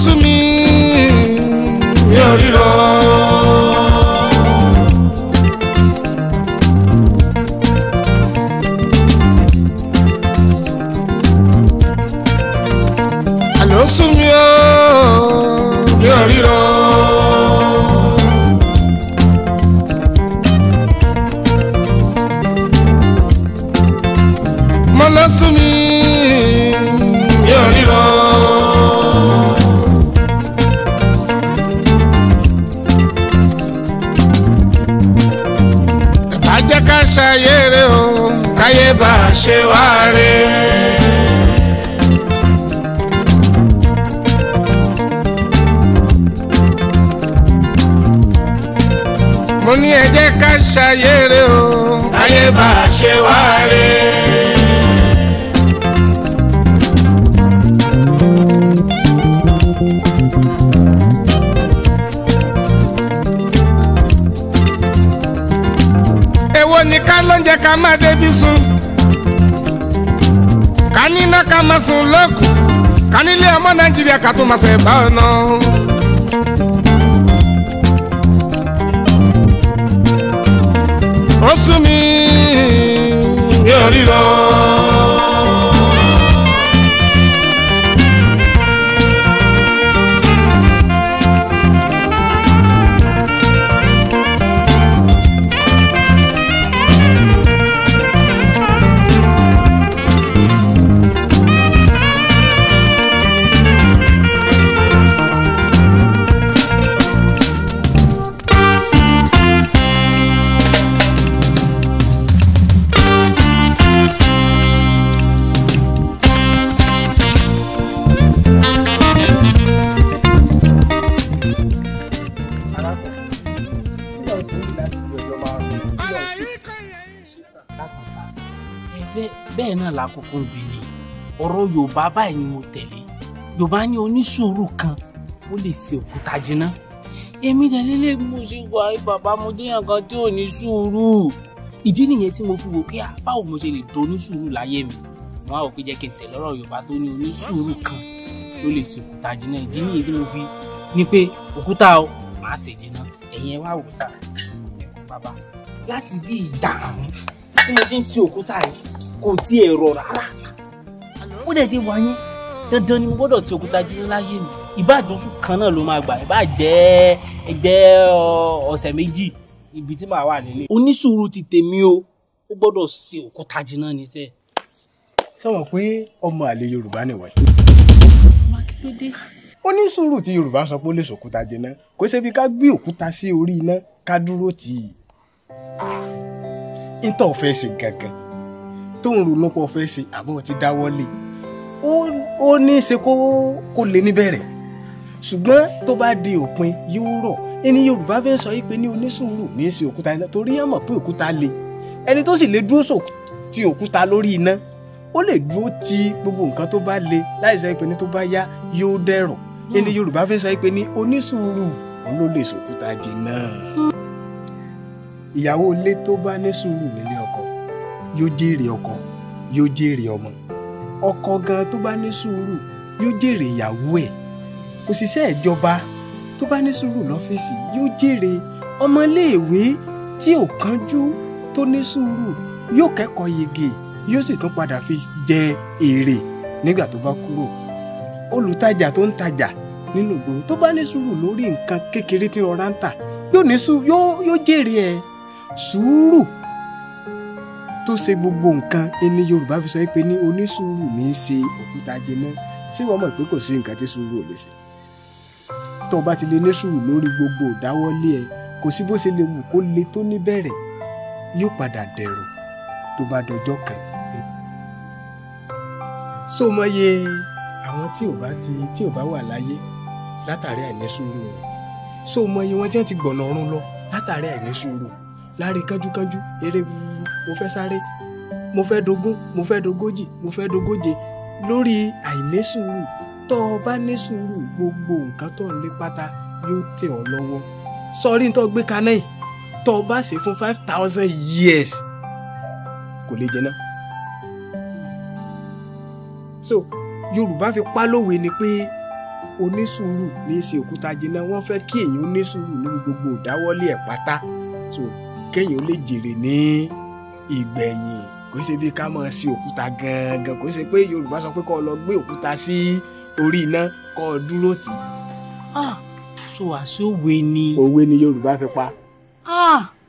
sún mi mi ò ríro. àlọ́ sún mi. bá a ṣe wá rè é. mo ní ẹ ká ṣàyèrè o. ayé bá a ṣe wá rè é. èwo ni ká ló ń jẹ ká máa ká má sùn lọ́kùn ká nílé ọmọ nàìjíríà ká tó má ṣe bá ọ̀nà. ó sún mi ní orí lọ. bẹ́ẹ̀ náà lákòókò ń bi ni ọ̀rọ̀ yorùbá báyìí ni mo tẹ̀lé yorùbá ní onísùúrù kan ó lè ṣe òkúta jiná èmi tẹ̀lé lè mú sí wa bàbá mo déyàn kan tí ò ní sùúrù ìdí nìyẹn tí mo fi wò pé báwo mo ṣe lè do onísùúrù láyé mi wọn á wò jẹ́ kí n tẹ̀lé ọ̀rọ̀ yorùbá tó ní onísùúrù kan ló lè ṣe òkúta jiná ìdí nìyẹn tí mo fi ní pé òkúta o máa ṣe jiná ẹ̀yin ẹ wá wò sára bàbá láti bí ìdààmú tí mo ti ń ti òkúta yìí kò tí ì rọ rárá ó dẹ̀ ti wà yẹn dandan ni mo gbọ́dọ̀ ti òkúta jírí láyé mi ìbàdàn oṣù kan náà ló máa gbà ìbàjẹ́ ẹgbẹ́ ọ̀sẹ̀ méjì ibi tí màá wà nílé. onísùúrù ti tèmi o ó gbọ́dọ̀ ṣe òkúta jiná ní sẹ́. sọ̀wọ́n pé ọmọ àlè yorùbá nìwọ̀n. mákindé. onísùúrù tí yorùbá sọ pé ó lè sòkúta jiná kò ṣe bí ká gbé òkúta sí orí iná ká dúró tì í. ìtàn ah, ò fẹ́ ṣe gangan tó ń ronú pọ̀ fẹ́ ṣe àbọ̀ ti dáwọ́ lé ó ní í ṣe kó lè níbẹ̀rẹ̀ ṣùgbọ́n tó bá di òpin yóò rọ̀ ẹni Yorùbá fẹ́ sọ yìí pé ní onísùúrù ní í ṣe òkúta iná torí ẹ̀ mọ̀ pé òkúta le ẹni tó sì lè dúró sọ ti òkúta lórí iná ó lè dúró ti gbogbo nǹkan tó bá le láì sọ pé ní tó bá yá yóò dẹ̀rọ̀ hmm. ẹni Yorùbá fẹ́ sọ yìí pé ní onísùúrù òun ló lè sòkúta jẹ náà hmm. ìyàwó ilé tó bá ní sùúrù nílé ọkọ yóò jèrè ọkọ yóò jèrè ọmọ ọkọ gan tó bá ní sùúrù yóò jèrè ìyàwó ẹ̀ òṣìṣẹ́ ìjọba tó bá ní sùúrù lọ́fíìsì yóò jèrè ọmọléèwé tí ò kánjú tó ní sùúrù yóò kẹ́kọ̀ọ́ yege yóò sì tún padà fi jẹ èrè nígbà tó bá kúrò olùtajà tó ń tajà nínú ìgboro tó bá ní sùúrù lórí nǹkan kékeré tí rọra ń tà yóò ní sùúrù yóò jèrè ẹ̀ sùúrù tó ṣe gbogbo nǹkan ẹni yorùbá fi sọ pé ní onísùúrù ní í ṣe òkúta jẹná ṣé wọ́n mọ̀ pé kò sí nǹkan tí sùúrù ò lè ṣe tó o bá ti lè ní sùúrù lórí gbogbo ìdáwọ́lé ẹ kò sí bó ṣe lè wù kó le tó níbẹ̀rẹ̀ yóò padà dẹ̀rọ̀ tó bá dọjọ́ kan. so mọye àwọn tí ò bá ti tí ò bá wà láyé látàrí àìní sùúrù wọn so mọye wọn jẹ́ ti gbọ̀nà ọ̀run lọ látàrí àìní sùúrù láre kánjúkánjú eré wúwú mo fẹ́ sáré mo fẹ́ dogún mo fẹ́ dogójì mo fẹ́ dogóje lórí àìní sùúrù tó o bá ní sùúrù gbogbo nǹkan tó ń lé pátá yóò tẹ̀ ọ́ lọ́wọ́ sọrí tó gbé kaná yìí tó o bá ṣe fún five thousand years kò lè jẹná so yorùbá fi pálówe ni pé onísùúrù ní í ṣe òkúta jẹná wọ́n fẹ́ kí èèyàn onísùúrù níbi gbogbo ìdáwọ́lé ẹ̀ pátá so kéèyàn lè jèrè ní. Nee ìgbẹ̀yìn kò ṣe bí ká máa ṣe òkúta gangan kò ṣe pé Yorùbá sọ pé kó lọ gbé òkúta sí orí iná kó dúró tì. ah so àṣé òwe ni. òwe ni Yorùbá fi pa. ah